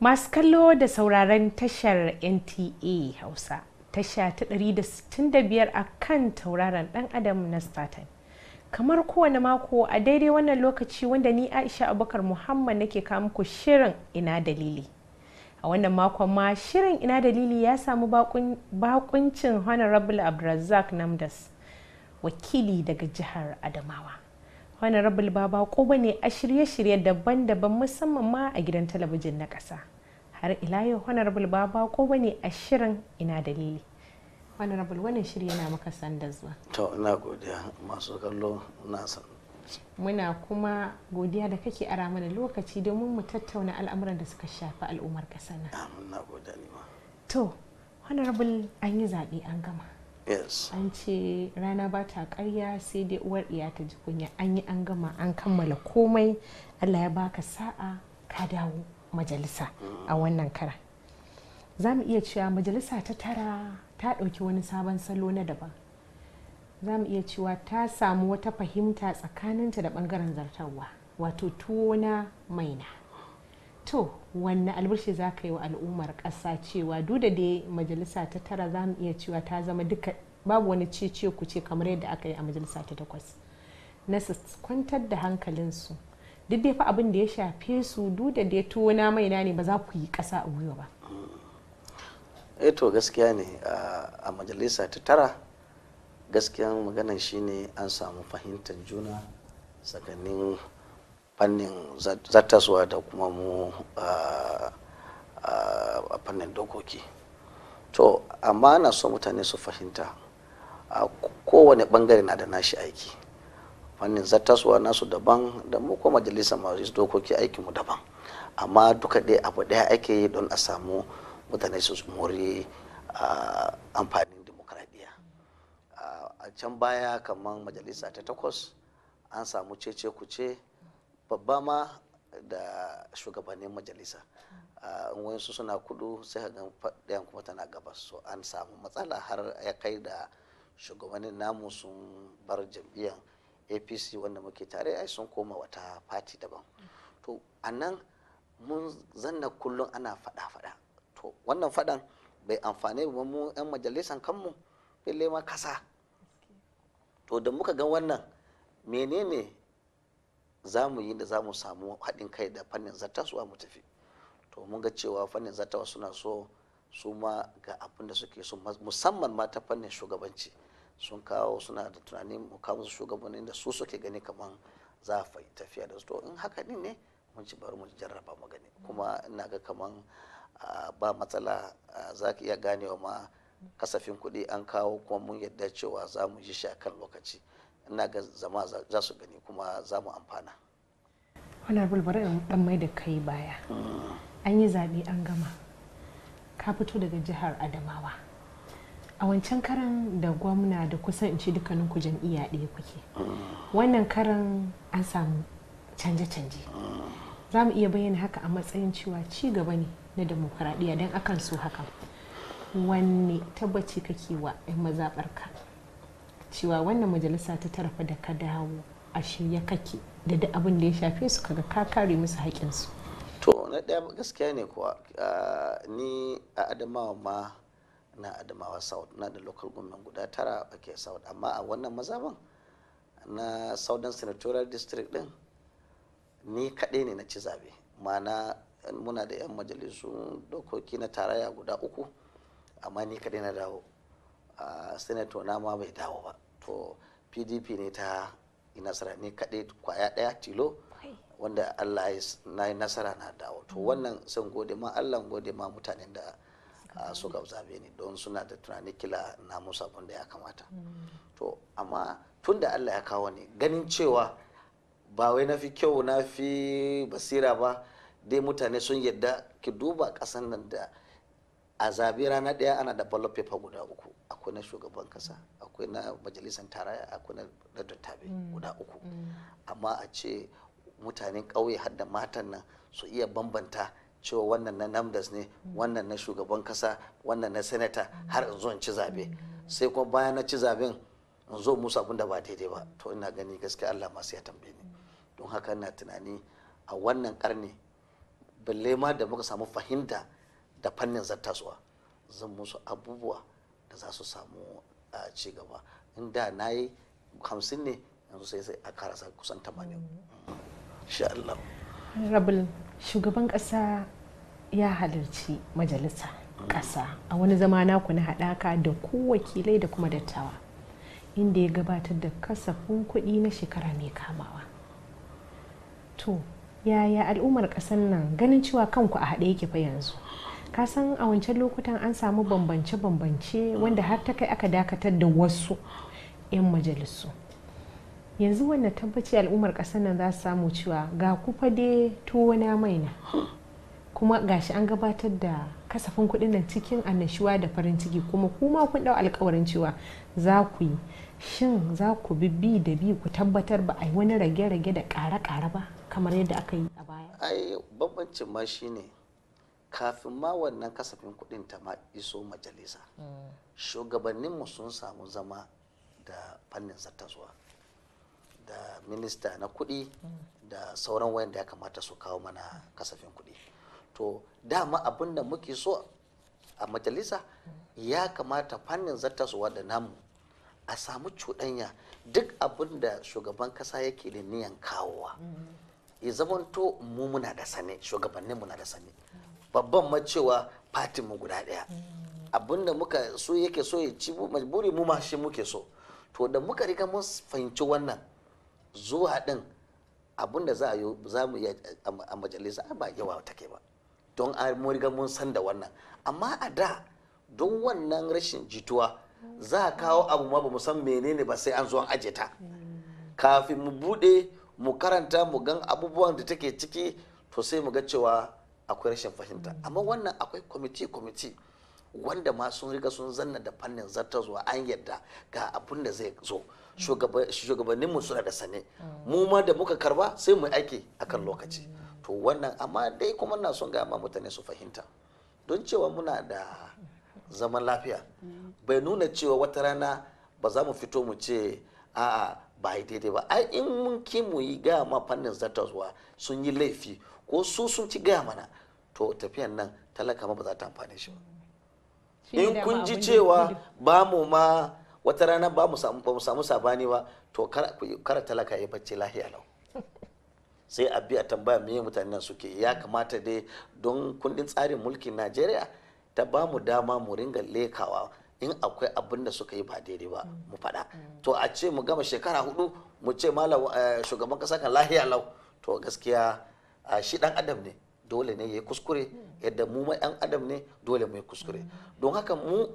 masu kallo da sauraron tashar nta hausa tasha ta 165 a kan tauraron dan adam na spartan kamar kowane mako a daidai wannan lokaci wanda ni aisha abubakar muhammad nake kawo muku shirin ina dalili a wannan makon ma shirin ina dalili ya samu bakuncin honorable abdulrazak namdas wakili daga jihar adamawa rabin baba ko bane a shirye-shirye daban-daban musamman ma a gidan talabijin na ƙasa har ila yau rabin baba ko bane a shirin ina dalili rabin wannan shirye yana maka sanda zuwa to ina godiya masu kallo na san muna kuma godiya da kake ara mana lokaci domin mu tattauna al'amuran da suka shafi al'ummar ƙasa na to rabin an yi zaɓe an gama yes an ce rana ba ta karya sai dai uwar iya ta ji kunya an yi an gama an kammala komai allah ya baka sa'a ka dawo majalisa a wannan kara za mu iya cewa majalisa ta tara ta ɗauki wani sabon salo na daban za mu iya cewa ta samu wata fahimta tsakaninta da ɓangaren zartarwa wato tuwo na maina to wanne alburshi za ka yi wa al'ummar ƙasa cewa duk da dai majalisa ta tara za mu iya cewa ta zama duka babu wani ce ku ce kamar yadda aka yi a majalisa ta takwas na su kwantar da hankalinsu duk dai fa abin da ya shafe su duk da dai tuwo na mai na ne ba za ku yi ƙasa a gwiwa ba eto eh gaskiya ne a majalisa ta tara gaskiyan maganan shine an samu fahimtar juna tsakanin fannin zattaswa da kuma mu a fannin dokoki to amma na so mutane su fahimta a kowane bangare na da nashi aiki fannin zartaswa nasu daban da mu ko majalisar masu dokoki aiki mu daban amma duka dai abu daya ake yi don a samu mutane su mori amfanin demokradiyya a can baya kamar majalisa ta takwas an samu cece kuce babba ma da shugabannin majalisa wasu suna kudu sai ga ɗayan kuma tana gabas so an samu matsala har ya kai da shugabannin namu sun bar jam'iyyar apc wanda muke tare ai sun koma wata fati daban to a nan mun zanna kullum ana fada-fada to wannan fadan bai amfani ba mu 'yan majalisan kanmu ma kasa to da muka ga wannan menene za mu yi da za mu samu haɗin kai da fannin zartaswa mu tafi to mun ga cewa fannin zartawa suna so su ma ga abin da suke so musamman ma ta fannin shugabanci sun kawo suna da tunanin mu kawo su shugabannin da su suke gani kamar za a tafiya da su to in haka ne ne mun ci bari mu jarraba mu gani kuma ina ga kaman ba matsala za ka iya ganewa ma kasafin kuɗi an kawo kuma mun yadda cewa za mu yi shi a kan lokaci ina ga zama za su gani kuma za mu amfana honorable bari in dan mai da kai baya hmm. an yi zaɓe an gama ka fito daga jihar adamawa a wancan karan da gwamna da kusan in ci dukkanin ku jam'iyya ɗaya kuke hmm. wannan karan an samu canje-canje hmm. za mu iya bayyana haka a matsayin cewa ci gaba ne na demokuraɗiyya don akan so haka wanne tabbaci kake wa 'yan mazaɓarka cewa wannan majalisa ta tarafa da ka dawo a shirya kake da duk abin da ya shafe su kaga ka kare musu haƙƙinsu. to na ɗaya gaskiya ne kuwa ni a adamawa ma na adamawa south na da local government guda tara a ke south amma a wannan mazaban na southern senatorial district din ni kaɗai ne na ci zabe ma'ana muna da 'yan majalisu dokoki na tarayya guda uku amma ni kaɗai na dawo senator na ma bai dawo ba to pdp ne ta nasara ne kaɗai kwaya ɗaya tilo wanda allah na yi nasara na dawo to mm. wannan sun gode ma allah gode ma mutanen da suka ah, zabe ni don suna da tunani kila na musa abin ya kamata mm. to amma tun da allah ya kawo ni ganin cewa ba wai na fi kyau na fi basira ba dai mutane sun yadda ki duba ƙasan nan da a zabi rana ɗaya ana da ballot paper guda uku akwai na shugaban kasa akwai na majalisar tarayya akwai na dattabe mm. guda uku mm. amma a ce mutanen ƙauye har da matan nan su iya bambanta cewa wannan na namdas ne mm. wannan na shugaban kasa wannan na senata har in zo in ci zabe sai kuma bayan na ci zaben in zo musu abin da ba daidai ba to ina gani gaskiya Allah masu ya tambaye ni don haka ina tunani a wannan karni balle ma da muka samu fahimta da fannin zattaswa zan musu abubuwa da za su samu a ci gaba inda na yi hamsin ne yanzu sai sai a karasa kusan tamanin Allah rabin shugaban kasa ya halarci majalisa kasa a wani zama naku na haɗaka da ku wakilai da kuma dattawa inda ya gabatar da kasafin kuɗi na shekara mai kamawa to yaya al'ummar ƙasar nan ganin cewa kanku a haɗe yake fa yanzu kasan a wancan lokutan an samu bambance-bambance wanda har ta kai aka dakatar da wasu 'yan majalisu yanzu wannan tabbaci al'ummar ƙasar nan za su samu cewa ga kufa dai tuwo na mai na kuma gashi an gabatar da kasafin kuɗin nan cikin annashuwa da farin ciki kuma kuma kun ɗau alkawarin cewa za ku yi shin za ku bi bi da bi ku tabbatar ba a yi wani rage-rage da ƙare-ƙare ba kamar yadda aka yi a baya ai bambancin ma shine kafin ma wannan kasafin kuɗin ta ma iso majalisa mm. Shugabannin mu sun samu zama da fannin zartaswa da minista na kuɗi mm. da sauran wayanda ya kamata su kawo mana kasafin kuɗi to dama abin da muke so a majalisa mm. ya kamata fannin zartaswa da namu a samu cuɗanya duk abin da shugaban kasa yake da niyan kawowa ya zamanto mu muna da sane shugabannin muna da sane babban macewa fatin mu guda daya abinda muka so yake so ya ci buri mu ma shi muke so to da muka riga mun fahimci wannan zuwa din abinda za a yi za mu iya a majalisa ba yawa ta ba don a riga mun san da wannan amma a da don wannan rashin jituwa za a kawo abu ma ba mu san menene ba sai an zo an aje ta kafin mu bude mu karanta mu gan abubuwan da take ciki to sai mu ga cewa akwai rashin fahimta amma wannan akwai kwamiti kwamiti wanda ma sun riga sun zanna da fannin zuwa an yadda ga abin da zai zo shugabanninmu suna da sane mu ma da muka karba sai mu aiki akan lokaci to wannan amma dai kuma na son gama mutane su fahimta don cewa muna da zaman lafiya bai nuna cewa wata rana ba za mu fito mu ce a'a ba daidai ba ai in mun ki mu yi ga ma fannin zartaswa sun yi laifi ko su sun ci gaya mana to tafiyan nan talaka ma ba za ta amfane shi ba in kun ji cewa ba mu ma wata rana ba mu samu sabani ba to kara talaka ya bacci lahiya lau sai a biya tambaya me mutane nan suke ya kamata dai don kundin tsarin mulkin najeriya ta ba mu dama mu ringa lekawa in akwai abin da suka yi ba daidai ba mu faɗa to a ce mu gama shekara hudu mu ce malam eh, shugaban kasa kan lahiya lau to gaskiya a shi dan adam ne dole ne ya yi kuskure yadda mu ma dan adam ne dole mu yi kuskure don haka mu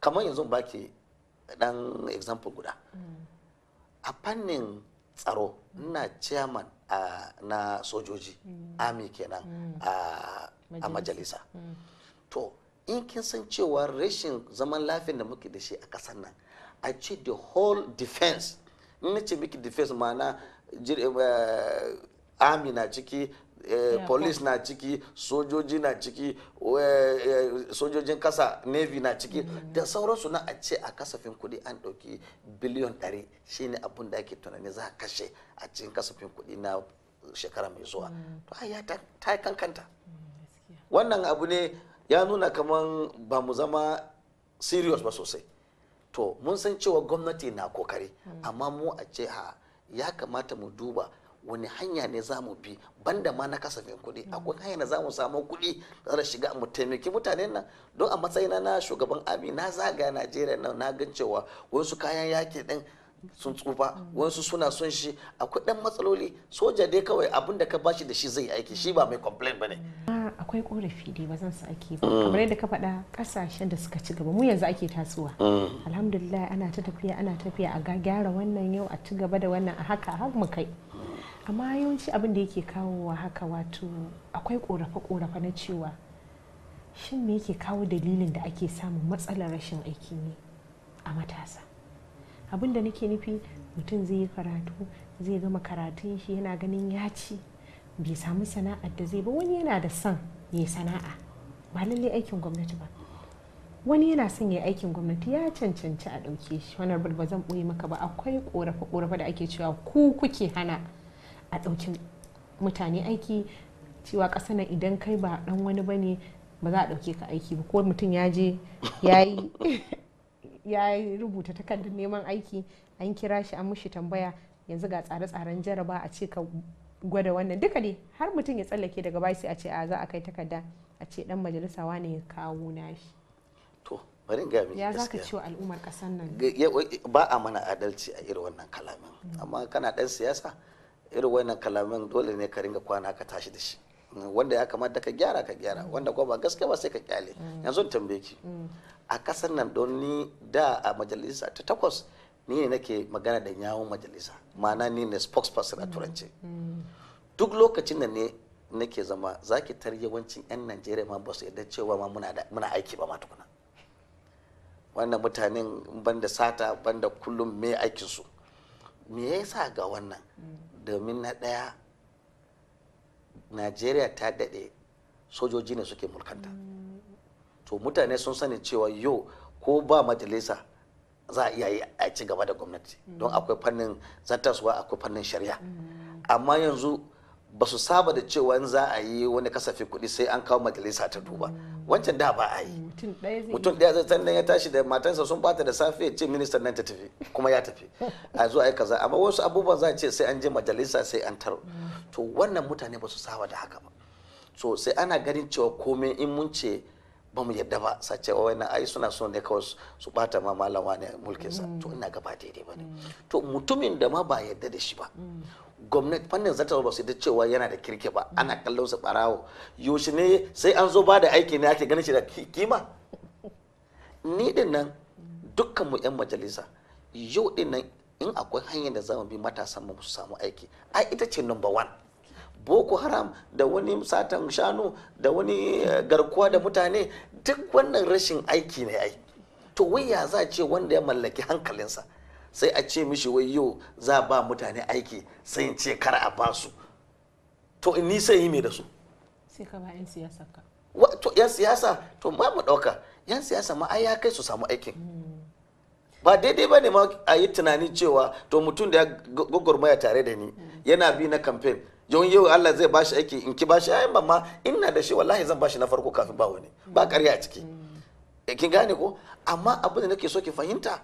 kamar yanzu baki dan example guda a fannin tsaro ina chairman na sojoji army kenan a majalisa to in kin san cewa rashin zaman lafiyar da muke da shi a ƙasar nan a ce the whole defense in ce miki defense na. army na ciki Eh, police na ciki sojoji na ciki eh, eh, sojojin kasa navy na ciki mm-hmm. da sauransu na a ce a kasafin kuɗi an ɗauki biliyon 100 shine abun da ake tunani za a kashe a cikin kasafin kuɗi na shekara mai zuwa mm. to ya ta kankanta mm, wannan abu ne ya nuna kaman ba mu zama serious ba sosai to mun san cewa gwamnati na kokari mm. amma mu a ce ha ya kamata mu duba wani hanya ne za mu bi banda ma na kasafin kuɗi akwai hanya da za mu samu kuɗi da shiga mu taimaki mutanen nan don a matsayina na shugaban ami na zaga najeriya na na gan cewa wasu kayan yaki din sun tsufa wasu suna son shi akwai dan matsaloli soja dai kawai abin da ka bashi da shi zai aiki shi ba mai complain bane akwai korafi dai ba zan su ake ba mm. kamar yadda ka faɗa kasashen da suka ci gaba mu yanzu ake tasowa mm. alhamdulillah ana ta tafiya ana tafiya a gyara wannan yau a ci gaba da wannan a haka har mu kai amma yawanci abin da yake kawowa haka wato akwai korafe-korafe na cewa shin me yake kawo dalilin da ake samun matsalar rashin aiki ne a matasa abin da nake nufi mutum zai yi karatu zai gama karatun shi yana ganin ya ci bai samu sana'ar da zai ba wani yana da son ya yi sana'a ba lallai aikin gwamnati ba wani yana son ya aikin gwamnati ya cancanci a ɗauke shi wani ba zan ɓoye maka ba akwai ƙorafe-ƙorafe da ake cewa ku kuke hana a ɗauki mutane aiki cewa ƙasa nan idan kai ba ɗan wani ba ne ba za a ɗauke ka aiki ba ko mutum ya je ya yi rubuta takardar neman aiki an kira shi an mushi tambaya yanzu ga tsare-tsaren jaraba a ce ka gwada wannan duka ne har mutum ya tsallake daga bai sai a ce a za a kai takarda a ce dan majalisa wane ya kawo nashi to bari gami ya za ciwo al'ummar kasan nan ba a mana adalci a irin wannan kalamin mm. amma kana dan siyasa irin wannan kalamin dole ne ka ringa kwana ka tashi da shi wanda ya kamata ka gyara ka gyara wanda kuma ba gaske ba sai ka kyale yanzu tambaye ki a kasar nan don ni da a majalisa ta takwas ni ne nake magana da yawon majalisa ma'ana ni ne spokesperson a turance duk lokacin da ne nake zama za ki tar yawancin 'yan najeriya ma ba su yadda cewa ma muna aiki ba ma tukuna wannan mutanen banda sata banda kullum me aikinsu me ya sa ga wannan domin na ɗaya najeriya ta daɗe sojoji ne suke mulkanta to mutane sun sani cewa yo ko ba majalisa za a iya yi a ci gaba da gwamnati don akwai fannin zartaswa akwai fannin shari'a amma yanzu ba su saba da cewa za a yi wani kasafin kuɗi sai an kawo majalisa ta duba. wancan da ba a yi mutum ɗaya zai sannan ya tashi da matansa sun bata da safe ya ce ministan nan ta tafi kuma ya tafi a zuwa yi kaza amma wasu abubuwan za a ce sai an je majalisa sai an taro to wannan mutane ba su saba da haka ba so sai ana ganin cewa komai in mun ce ba mu yadda ba sace wa wannan ai suna so ne kawai su bata ma malama ne mulkinsa mm. to ina gaba daidai ba ne to mutumin da ma ba yadda da shi ba mm. gwamnati fannin zata ba su da cewa yana da kirki ba ana kallon su barawo yaushe ne sai an zo ba da aiki ne ake ganin shi da kima ni din nan dukkan mu yan majalisa yau din nan in akwai hanyar da zamu bi matasan mu su samu aiki ai ita ce number one boko haram da wani satan shanu da wani eh, garkuwa da mutane duk wannan rashin aiki ne ai to wai ya za ce wanda ya mallaki hankalinsa sai a ce mishi wai yau za ba mutane aiki sai ce kar a ba su to ni sai yi mai da su sai 'yan siyasa ka to 'yan ma mu ɗauka 'yan siyasa ma ai ya kai su samu aikin ba daidai ba ne ma a yi tunanin cewa to mutum da ya gwagwarmaya tare da ni yana bi na kamfen yau yau Allah zai ba shi aiki in ki ba shi ayin ba ma ina da shi wallahi zan ba shi na farko kafin ba wani ba karya a ciki kin gane ko amma abin da nake so ki fahimta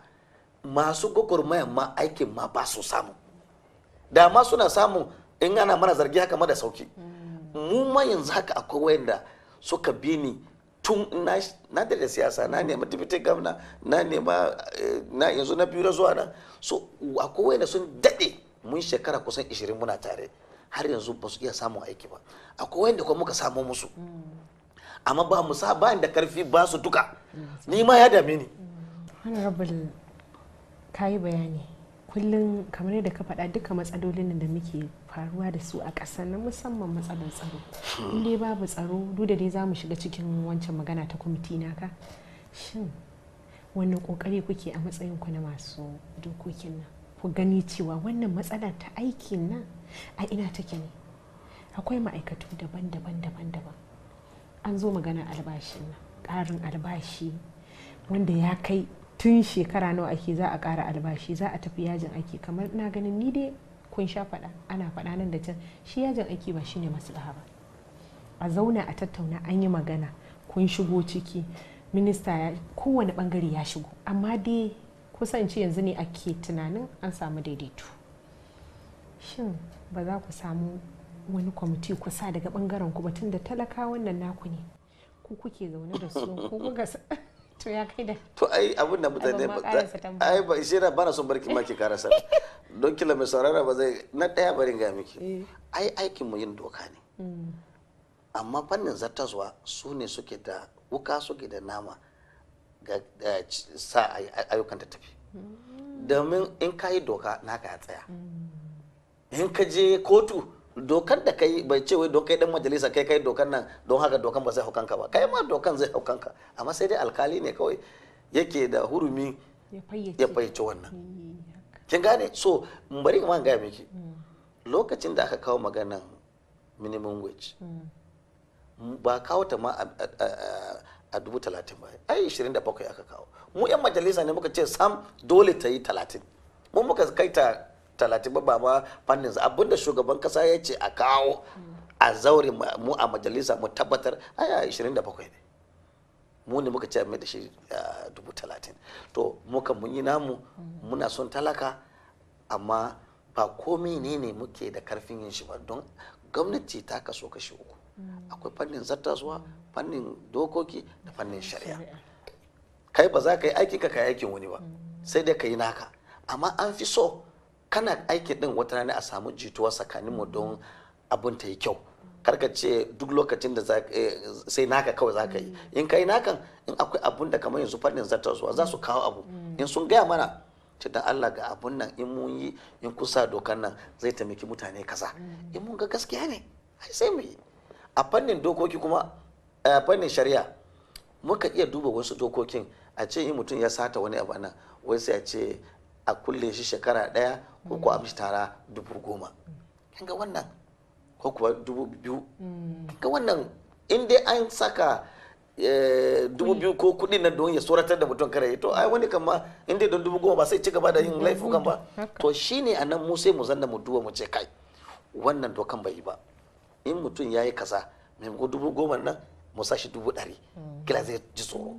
masu gwagwarmaya ma aikin ma ba su samu da ma suna samu in ana mana zargi haka ma da sauki mu ma yanzu haka akwai wayanda suka bi ni tun na da siyasa na nema dipite gamna na nema eh, na yanzu na biyu na zuwa na so akwai wayanda sun dade mun shekara kusan 20 muna tare har yanzu ba su iya samun aiki ba akwai wayanda kuma muka samu musu amma ba mu sa ba da karfi ba su duka ni ma ya dame ni ka yi bayani kullum kamar yadda ka faɗa duka matsalolin da muke faruwa da su a ƙasar na musamman matsalar tsaro hmm. dai babu tsaro duk da dai za mu shiga cikin wancan magana ta kwamiti naka shin wani ƙoƙari kuke a matsayin ku na masu dokokin nan ku gani cewa wannan matsalar ta aikin nan a ina take ne akwai ma'aikatu daban-daban daban-daban an zo magana albashin nan ƙarin albashi wanda ya kai tun shekara nawa ake za a ƙara albashi za a tafi yajin aiki kamar na ganin ni dai kun sha faɗa ana faɗa nan da can shi yajin aiki ba shine maslaha ba a zauna a tattauna an yi magana kun shigo ciki minista ya kowane bangare ya shigo amma dai kusanci yanzu ne ake tunanin an samu daidaito shin ba za ku samu wani kwamiti kusa daga bangaren ku ba tunda talaka wannan naku ne ku kuke zaune da su ko kuka to ya kai da to ai abin da mutane ai ba shi na bana son barki ma ki karasa don kila mai saurara ba zai na daya barin ga miki eh. ai aikin mu yin doka ne hmm. amma fannin zartaswa su ne suke da wuka suke da nama ga sa ayyukan ta tafi hmm. domin in ka yi doka naka ya tsaya hmm. in ka je kotu dokar da kai bai ce wai don kai dan majalisa kai kai dokar nan don haka dokan ba zai hau kanka ba kai ma dokan zai hau kanka amma sai dai alkali ne kawai yake da hurumi ya fayyace wannan eh, kin gane so bari ma ga miki hmm. lokacin da aka kawo maganan minimum wage hmm. ba kawo ta ma a dubu talatin ba ai ishirin da bakwai aka kawo mu yan majalisa ne muka ce sam dole ta yi talatin mu muka kai ta talatin ba ma fannin abinda shugaban kasa ya ce a kawo a zaure mu a majalisa mu tabbatar aya 27 ne mu ne muka ce mai da shi dubu talatin to muka mun yi namu muna son talaka amma ba komi ne ne muke da karfin yin shi ba don gwamnati ta kaso kashi uku akwai fannin zartaswa fannin dokoki da fannin shari'a kai ba za ka yi aiki ka kai aikin wani ba mm. sai dai ka yi naka amma an fi so kana aiki din wata rana a samu jituwa tsakanin mu don abin ta yi kyau karka ce duk lokacin da eh, sai naka kawai za ka yi mm. in kai nakan in akwai abun da kamar yanzu fannin zartar zuwa za su kawo abu mm. in sun gaya mana ce dan Allah ga abun nan in mun yi in kusa dokan nan zai taimaki mutane kasa. Mm. in mun ga gaskiya ne ai sai mu yi a fannin dokoki kuma a eh, fannin shari'a muka iya duba wasu dokokin a ce in mutum ya sata wani abu nan wai sai a ce a kulle shi shekara daya ko kuwa amshi tara dubu goma ga wannan ko kuwa dubu biyu ga wannan in dai an saka eh, dubu biyu ko kuɗi na don ya tsoratar da mutum kare to ai wani kama in dai don dubu goma ba sai ci gaba da yin laifukan ba to shine a nan mu sai mu zanna mu duba mu ce kai wannan dokan bai yi ba in mutum ya yi kaza maimakon dubu goma nan mu sashi dubu ɗari mm. kila zai ji tsoro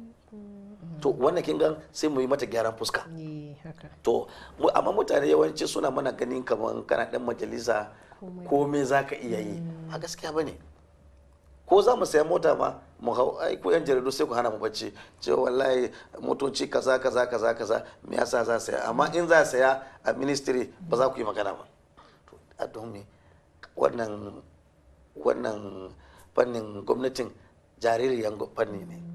to wannan kin gan sai mu yi mata gyaran fuska eh, to amma mutane yawanci suna mana ganin kamar kana dan majalisa komai za ka iya yi mm. a gaskiya bane ko za mu saya mota ma mu hau ai ko yan jaridu sai ku hana mu bacci ce wallahi motoci kaza kaza kaza kaza me yasa za saya amma in za saya a ministry ba za ku yi magana ba to a don me wannan wannan fannin gwamnatin jaririyan fanni ne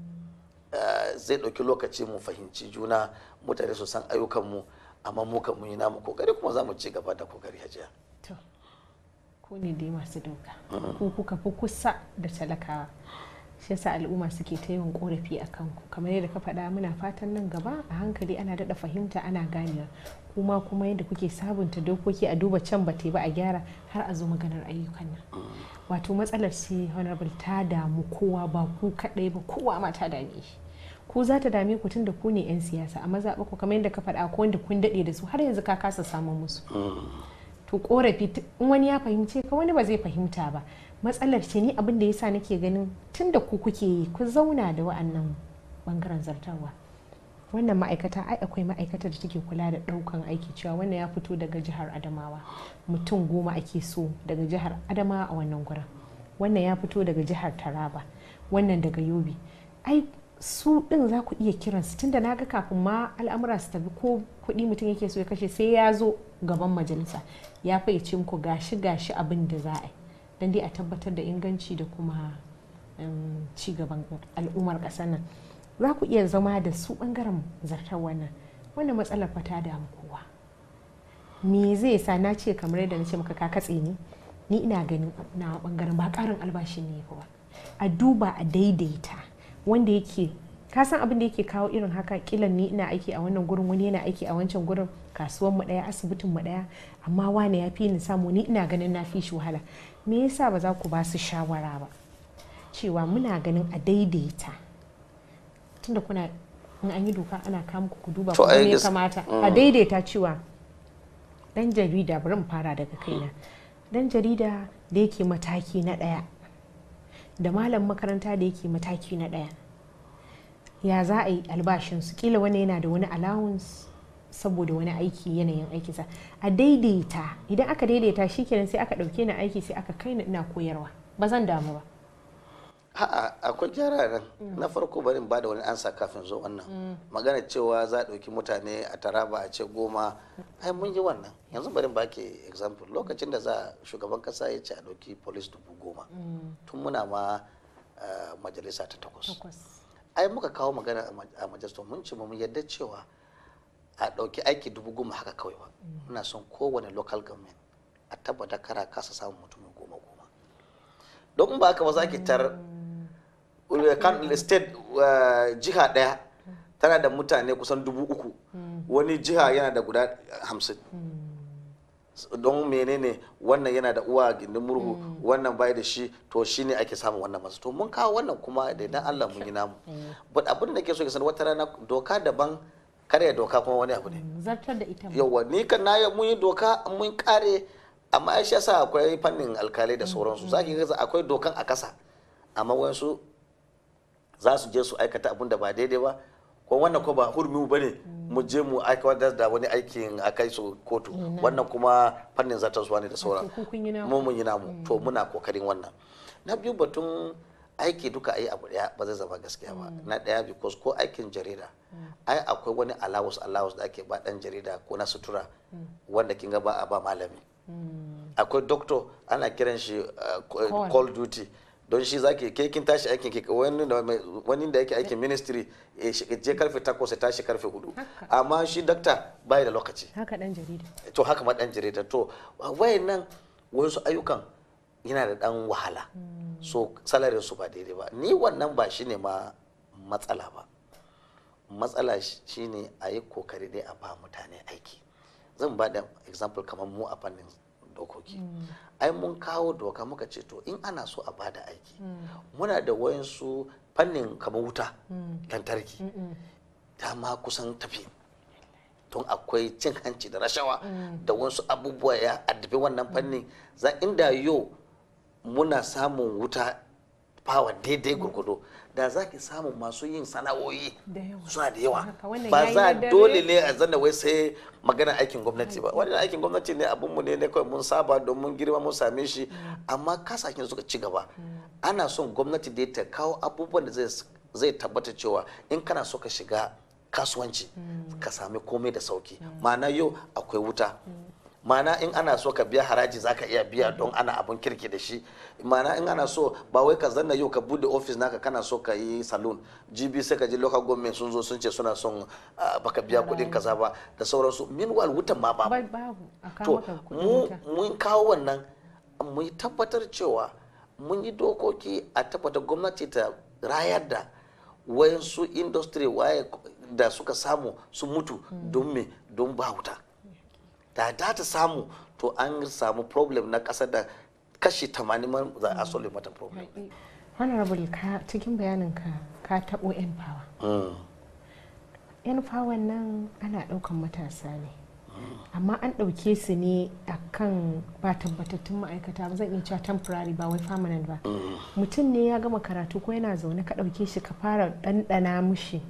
zai ɗauki lokaci mu fahimci juna mutane su san ayyukanmu amma mu kan mun yi namu kokari kuma za mu ci gaba da kokari hajiya to ku ne dai masu doka ku kuka fi kusa da talakawa shi yasa al'umma suke ta yawan korafi a kanku kamar yadda ka faɗa muna fatan nan gaba a hankali ana daɗa fahimta ana ganewa kuma kuma yadda kuke sabunta dokoki a duba can ba ba a gyara har a zo maganar ayyukan nan mm. wato matsalar shi honorable ta damu kowa ba ku kaɗai ba kowa ma ta dame shi ko za ta dame ku tun da ku ne 'yan siyasa a mazaɓa ku kamar yadda ka faɗa ko wanda kun daɗe da su har yanzu ka kasa samun musu to korafi in wani ya fahimce ka wani ba zai fahimta ba matsalar ce ni abin da sa nake ganin tun da ku kuke yi ku zauna da wa'annan bangaren zartarwa wannan ma'aikata ai akwai ma'aikata da take kula da daukan aiki cewa wannan ya fito daga jihar adamawa mutum goma ake so daga jihar adamawa a wannan gurin wannan ya fito daga jihar taraba wannan daga yobe ai su ɗin za ku iya kiransu tunda na ga kafin ma al'amura su tafi ko kuɗi mutum yake so ya kashe sai ya zo gaban majalisa ya fayyace muku gashi gashi abin da za a yi don dai a tabbatar da inganci da kuma ci gaban al'ummar ƙasar nan za ku iya zama da su ɓangaren zartar wannan wannan matsalar fata damu kowa me zai sa na ce kamar yadda na ce maka ka ne ni ina ganin na ɓangaren ba ƙarin albashin ne ba a duba a daidaita wanda yake ka san abin da yake kawo irin haka kilan ni ina aiki a wannan gurin wani yana aiki a wancan gurin kasuwan mu daya asibitin mu daya amma wane ya fi ni samu ni ina ganin na fi shi wahala me yasa ba za ku ba su shawara ba cewa muna ganin a daidaita tunda kuna in an yi doka ana kama ku duba ko ne kamata a mm. daidaita cewa dan jarida bari mu fara daga kaina dan jarida da yake mataki na daya da malam makaranta da yake mataki na ɗaya ya za a yi albashinsu kila wani yana da wani allowance saboda wani aiki yanayin aikinsa a daidaita idan aka daidaita shi kenan sai aka ɗauke ni aiki sai aka kai ni ina koyarwa ba zan damu ba Ha'a akwai gyara nan na farko bari ba da wani ansa kafin zo wannan magana cewa za a ɗauki mutane a taraba a ce goma ai mun yi wannan yanzu bari ba ke example lokacin da za shugaban kasa ya ce a ɗauki police dubu goma tun muna ma eh, majalisa ta takwas ai muka kawo magana a majalisa mun ce mun yadda cewa a ɗauki aiki dubu goma haka kawai ba muna son kowane local government a tabbata kara kasa samun mutumin goma goma don ba haka ba za ki tar Mm. state uh, jiha daya tana da mutane kusan dubu uku mm. wani jiha yana da guda hamsin mm. don menene wannan yana da uwa gindin murhu wannan bai da shi to shi ne ake samun wannan masu to mun kawo wannan kuma da idan Allah mun yi namu eh. but abin da ke so ke san wata rana doka daban karya doka kuma wani abu ne zartar da ita yawa ni kan na mun yi doka mun kare amma ya shi akwai fannin alkalai da sauransu zaki ga akwai dokan a kasa amma wasu. za su je su aikata abin da ba daidai ba ko wannan ko ba hurmi mu bane mu je mu aikawa da wani aikin a kai su kotu wannan kuma fannin zartaswa ne da sauran mu mun yi namu mm. to muna kokarin wannan na biyu batun aiki duka ayi abu daya ba zai zama gaskiya ba mm. na daya because ko aikin jarida mm. ai akwai wani allowance allowance da ake ba dan jarida ko na sutura wanda kin ga ba a ba malami akwai doctor ana kiran shi eh, call duty don shi zaki ke kin tashi aikin ki wani da wani da yake aikin ministry eh, je karfe 8 sai tashi karfe 4 amma shi dakta bai da lokaci haka dan jarida to haka ma dan jarida to wayannan wasu ayyukan yana da dan wahala hmm. so salary su ba daidai ba ni wannan ba shine ma matsala ba matsala shine a yi kokari dai a ba mutane aiki zan ba da example kamar mu a fannin dokoki mm. ai mun kawo doka muka ce to in ana so a bada aiki mm. muna da wayansu fannin kamar wuta mm. lantarki ta ma kusan tafi tun akwai cin hanci da rashawa da wasu abubuwa ya addabi wannan fannin za inda yau muna samun wuta fawa daidai gurgudu da za ki samu masu yin sana'o'i suna da yawa ba za dole ne a zanda wai sai magana aikin gwamnati ba wani aikin gwamnati ne abinmu ne ne kawai mun saba domin girma mun same shi mm. amma kasashen suka ci gaba mm. ana son gwamnati da ta kawo abubuwan da zai tabbata cewa in kana so ka shiga kasuwanci mm. ka sami komai da sauki ma'ana yau akwai wuta mana in ana so ka biya haraji zaka iya biya don ana abun kirki da shi mana in ana so ba wai ka zanna yau ka bude office naka kana so ka yi salon gb sai ka ji local government sun zo sun ce suna son baka biya kudin kaza ba da sauransu meanwhile wutan ma babu to mu mun kawo wannan mu tabbatar cewa mun yi dokoki a tabbatar gwamnati ta rayar da wayansu industry waye da suka samu su mutu mm. don me don ba wuta da da ta samu to an samu problem na kasa da kashi 80 za a solve mata problem honorable ka cikin bayanin ka ka taɓo yan power yan mm. power nan ana ɗaukan matasa ne amma an ɗauke su ne akan ba tabbatattun ma'aikata ba zan iya cewa temporary ba wai permanent ba mm. mutum ne ya gama karatu ko yana zaune ka ɗauke shi ka fara dandana mushi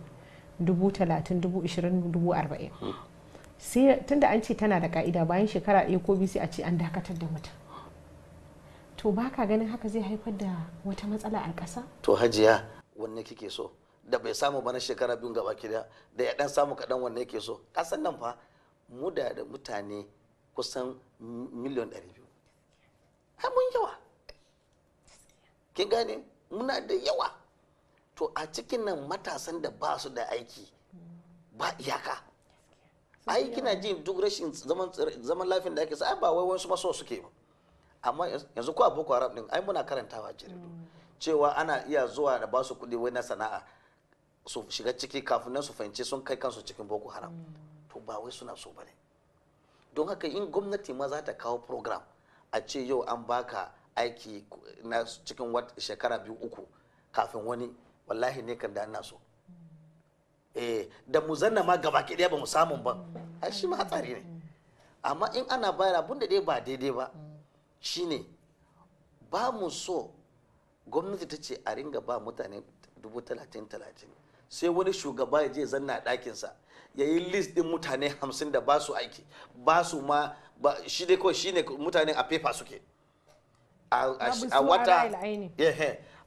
dubu talatin dubu ishirin dubu arba'in mm. sai tunda an ce tana da ka'ida bayan shekara ɗaya ko biyu sai a ce an dakatar da mutum to ba ganin haka zai haifar da wata matsala a ƙasa to hajiya wanne kike so da bai samu ba na shekara biyun gaba kira da ya dan samu kaɗan wanne yake so ƙasan nan fa mu da mutane kusan miliyan ɗari biyu ai mun yawa kin gane muna da yawa to a cikin nan matasan da ba su da aiki ba iyaka ai kina jin duk rashin zaman lafiyan da ake sa ba wai wasu maso suke ba amma yanzu ko boko haram din ai muna karantawa jaridu mm. cewa ana iya zuwa da basu kuɗi wai na sana'a su shiga ciki kafin nan su fahimci sun kai kansu cikin boko haram mm. to ba wai suna so bane don haka in gwamnati ma za ta kawo program a ce yau an baka aiki na cikin shekara biyu uku kafin wani wallahi ne kan da ina so Eh, da mu zanna ma gaba ke daya ba mu samun ba ai shi ma hatsari ne amma in ana bayar abun da dai ba daidai ba shine ba mu so gwamnati ta ce a ringa ba mutane dubu talatin talatin sai wani shugaba ya je zanna a ɗakinsa ya yi list ɗin mutane hamsin da ba su aiki ba su ma shi dai kawai shine mutane a fefa suke a wata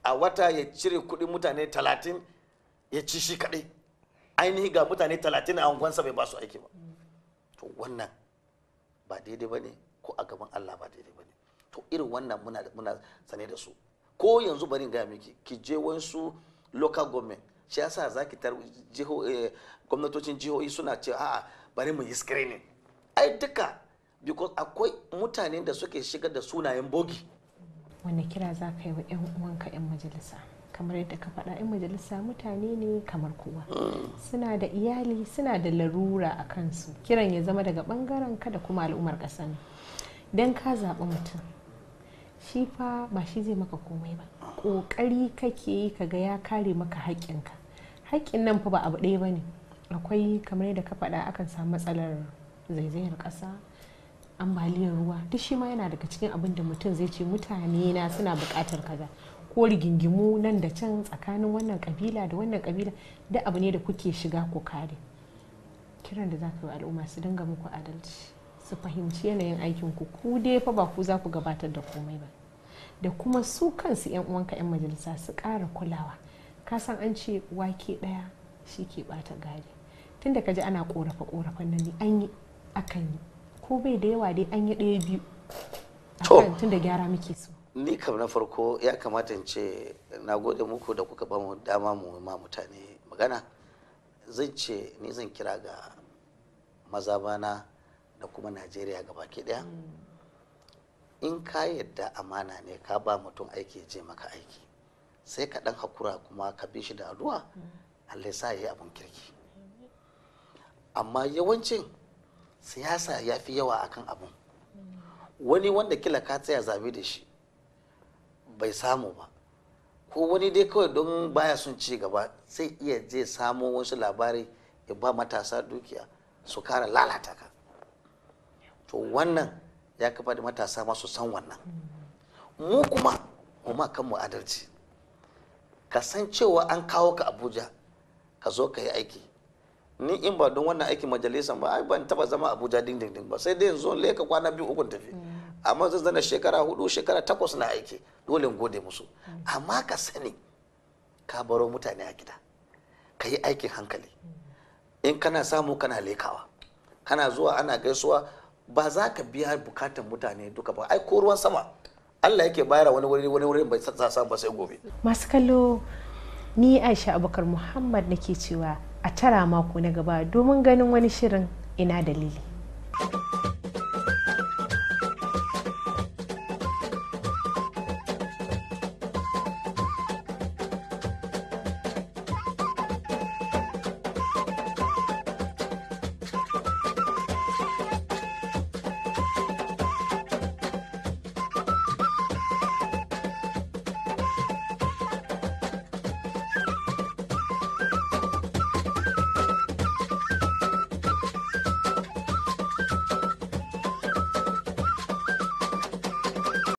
a wata ya cire kuɗin mutane talatin ya ci shi kaɗai ainihi ga mutane talatin a unguwansa bai ba su aiki ba to wannan ba daidai ba ne ko a gaban allah ba daidai ba ne to irin wannan muna muna sane da su ko yanzu bari gaya miki ki je wasu local government shi yasa za ki tar eh, gwamnatocin jihohi suna ce a'a bari mu yi screening ai duka because akwai mutane da suke shigar da sunayen bogi wanda kira za ka yi wa 'yan uwanka 'yan majalisa kamar yadda ka faɗa 'yan majalisa mutane ne kamar kowa suna da iyali suna da larura a kansu kiran ya zama daga ɓangaren ka da kuma al'ummar ƙasa don ka zaɓi mutum shi fa ba shi zai maka komai ba ƙoƙari kake yi kaga ya kare maka haƙƙinka haƙƙin nan fa ba abu ɗaya ba ne akwai kamar yadda ka faɗa akan samu matsalar zaizayar ƙasa ambaliyar ruwa duk shi ma yana daga cikin abin da mutum zai ce mutane na suna buƙatar kaza ko rigingimu nan da can tsakanin wannan kabila da wannan kabila da abu ne da kuke shiga ko kare kiran da za ka yi al'umma su dinga muku adalci su fahimci yanayin aikin ku ku dai fa ba ku za ku gabatar da komai ba da kuma su kansu yan uwanka yan majalisa su ƙara kulawa ka san an ce wake ɗaya shi ke ɓata gari tun da ka ji ana ƙorafa ƙorafan nan ne an yi akan yi ko bai da yawa dai an yi ɗaya biyu tun da gyara muke so ni kam na farko ya kamata in ce na gode muku da kuka bamu dama mu ma mutane magana zan ce ni zan kira ga maza bana da kuma najeriya ga baki daya in ka yadda amana ne ka ba mutum aiki je maka aiki sai ka dan hakura kuma ka bi shi da addu'a allai sa yi abun kirki amma yawancin siyasa ya fi yawa akan abun wani wanda kila ka tsaya zabe da shi bai samu ba ko wani dai kawai don baya sun ci gaba sai iya je samo wasu labari ya ba matasa dukiya su kara lalata ka to wannan ya kafa da matasa masu san wannan mu kuma mu ma kanmu adalci ka san cewa an kawo ka abuja ka zo ka yi aiki ni in ba don wannan aikin majalisan ba ai ban taba zama abuja dindindin ba sai dai yanzu leka kwana biyu ukun tafi amma zan zana shekara hudu shekara takwas na aiki dole in gode musu amma ka sani ka baro mutane a gida ka yi aikin hankali in kana samu kana lekawa kana zuwa ana gaisuwa ba za ka biya bukatan mutane duka ba ai ko ruwan sama Allah yake bayar wani wuri wani wuri bai sa samu ba sai gobe masu kallo ni Aisha Abubakar Muhammad nake cewa a tara mako na gaba domin ganin wani shirin ina dalili